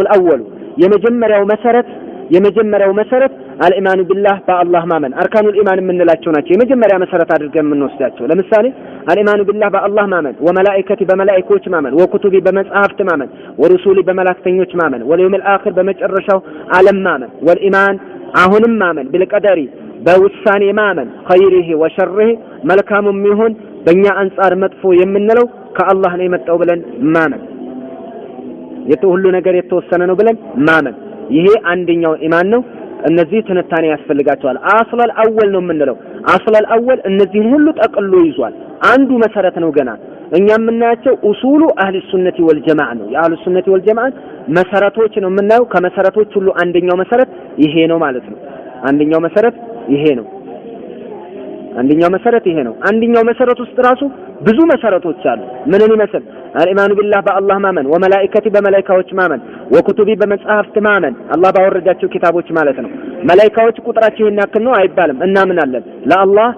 አልአስሉል አወሉ የመጀመሪያው መሰረት የመጀመሪያው መሰረት አልኢማኑ ቢላህ በአላህ ማመን አርካኑል ኢማን የምንላቸው ናቸው። የመጀመሪያ መሰረት አድርገን የምንወስዳቸው ለምሳሌ አልኢማኑ ቢላህ በአላህ ማመን፣ ወመላኢከቲ በመላኢኮች ማመን፣ ወኩቱቢ በመጽሐፍት ማመን፣ ወሩሱሊ በመላክተኞች ማመን፣ ወልየውሚል አኺር በመጨረሻው አለም ማመን፣ ወልኢማን አሁንም ማመን፣ ብልቀደሪ በውሳኔ ማመን፣ ኸይሪሂ ወሸርሂ መልካሙም ይሁን በእኛ አንጻር መጥፎ የምንለው ከአላህ ነው የመጣው ብለን ማመን ሁሉ ነገር የተወሰነ ነው ብለን ማመን ይሄ አንደኛው ኢማን ነው። እነዚህ ትንታኔ ያስፈልጋቸዋል። አስለል አወል ነው የምንለው። አስለል አወል እነዚህን ሁሉ ጠቅሎ ይዟል። አንዱ መሰረት ነው ገና እኛ የምናያቸው ኡሱሉ አህል ሱነቲ ጀማዓ ነው። የአህል ሱነቲ ጀማዓ መሰረቶች ነው የምናየው። ከመሰረቶች ሁሉ አንደኛው መሰረት ይሄ ነው ማለት ነው። አንደኛው መሰረት ይሄ ነው። አንደኛው መሰረት ይሄ ነው። አንደኛው መሰረት ውስጥ ራሱ ብዙ መሰረቶች አሉ። ምንን ይመስል አልኢማኑ ቢላህ በአላህ ማመን፣ ወመላኢከቲ በመላኢካዎች ማመን፣ ወኩቱቢ በመጽሐፍት ማመን፣ አላህ ባወረዳቸው ኪታቦች ማለት ነው። መላኢካዎች ቁጥራቸው ይሄን ያክል ነው አይባልም፣ እናምናለን። ለአላህ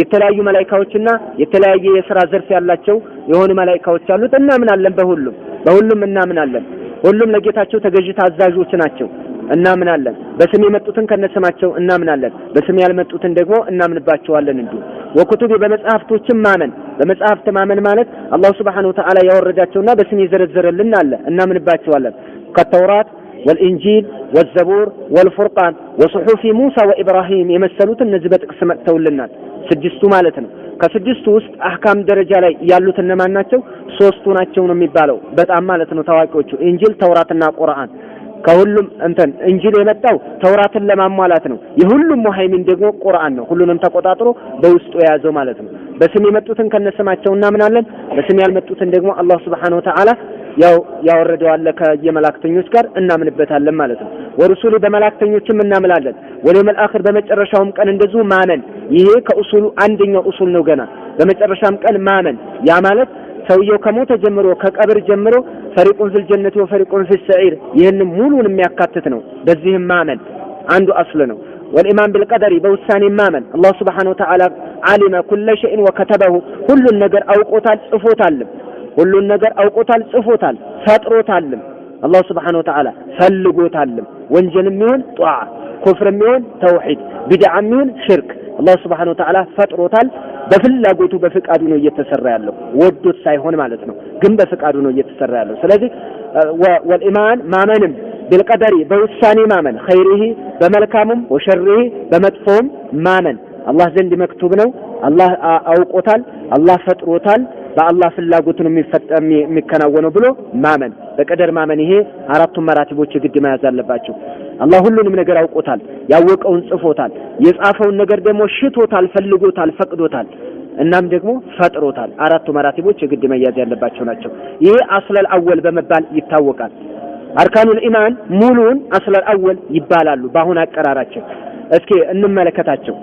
የተለያዩ መላኢካዎችና የተለያየ የስራ ዘርፍ ያላቸው የሆኑ መላኢካዎች አሉት። እናምናለን፣ በሁሉም በሁሉም እናምናለን። ሁሉም ለጌታቸው ተገዥ ታዛዦች ናቸው። እናምናለን። በስም የመጡትን ከነስማቸው እናምናለን። በስም ያልመጡትን ደግሞ እናምንባቸዋለን። እንዲሁ ወኩቱቢ በመጽሐፍቶችም ማመን በመጽሐፍት ማመን ማለት አላሁ ስብሐነሁ ወተዓላ ያወረዳቸውና በስም የዘረዘረልን አለ እናምንባቸዋለን። ከተውራት ወልኢንጂል ወዘቡር ወልፉርቃን ወሱሑፊ ሙሳ ወኢብራሂም የመሰሉት እነዚህ በጥቅስ መጥተውልናል። ስድስቱ ማለት ነው። ከስድስቱ ውስጥ አህካም ደረጃ ላይ ያሉት እነማን ናቸው? ሶስቱ ናቸው ነው የሚባለው። በጣም ማለት ነው ታዋቂዎቹ ኢንጂል፣ ተውራትና ቁርአን ከሁሉም እንትን እንጂል የመጣው ተውራትን ለማሟላት ነው። የሁሉም ሙሃይሚን ደግሞ ቁርአን ነው። ሁሉንም ተቆጣጥሮ በውስጡ የያዘው ማለት ነው። በስም የመጡትን ከነስማቸው እናምናለን። በስም ያልመጡትን ደግሞ አላህ ስብሐነ ወተዓላ ያው ያወረደው አለ ከየመላእክተኞች ጋር እናምንበታለን ማለት ነው። ወሩሱሊ በመላእክተኞችም እናምላለን። ወለውመል አኺር በመጨረሻውም ቀን እንደዚሁ ማመን። ይሄ ከኡሱሉ አንደኛው ኡሱል ነው ገና በመጨረሻም ቀን ማመን ያ ማለት ሰውየው ከሞተ ጀምሮ ከቀብር ጀምሮ ፈሪቁን ፊል ጀነት ወፈሪቁን ፊል ሰዒር ይህን ሙሉን የሚያካትት ነው። በዚህም ማመን አንዱ አስሉ ነው። ወልኢማን ቢልቀደሪ በውሳኔ ማመን አላህ ስብሓነሁ ወተዓላ ዓሊመ ኩለ ሸይን ወከተበሁ ሁሉን ነገር አውቆታል ጽፎታልም። ሁሉን ነገር አውቆታል ጽፎታል ፈጥሮታልም። አላህ ስብሓነሁ ወተዓላ ፈልጎታልም። ወንጀልም ይሁን ጧዓ፣ ኩፍርም ይሁን ተውሒድ፣ ቢድዓም ይሁን ሽርክ አላህ ስብሐነሁ ወተዓላ ፈጥሮታል። በፍላጎቱ በፍቃዱ ነው እየተሰራ ያለው ወዶት ሳይሆን ማለት ነው። ግን በፍቃዱ ነው እየተሰራ ያለው። ስለዚህ ወልኢማን ማመንም ቢልቀደሪ በውሳኔ ማመን ኸይሪሂ በመልካሙም ወሸሪሂ በመጥፎውም ማመን አላህ ዘንድ መክቱብ ነው። አላህ አውቆታል። አላህ ፈጥሮታል። በአላህ ፍላጎት ነው የሚከናወነው ብሎ ማመን፣ በቀደር ማመን። ይሄ አራቱን መራቲቦች የግድ መያዝ አለባቸው። አላህ ሁሉንም ነገር አውቆታል፣ ያወቀውን ጽፎታል፣ የጻፈውን ነገር ደግሞ ሽቶታል፣ ፈልጎታል፣ ፈቅዶታል፣ እናም ደግሞ ፈጥሮታል። አራቱ መራቲቦች የግድ መያዝ ያለባቸው ናቸው። ይሄ አስለል አወል በመባል ይታወቃል። አርካኑል ኢማን ሙሉውን አስለል አወል ይባላሉ። በአሁን አቀራራቸው እስኪ እንመለከታቸው።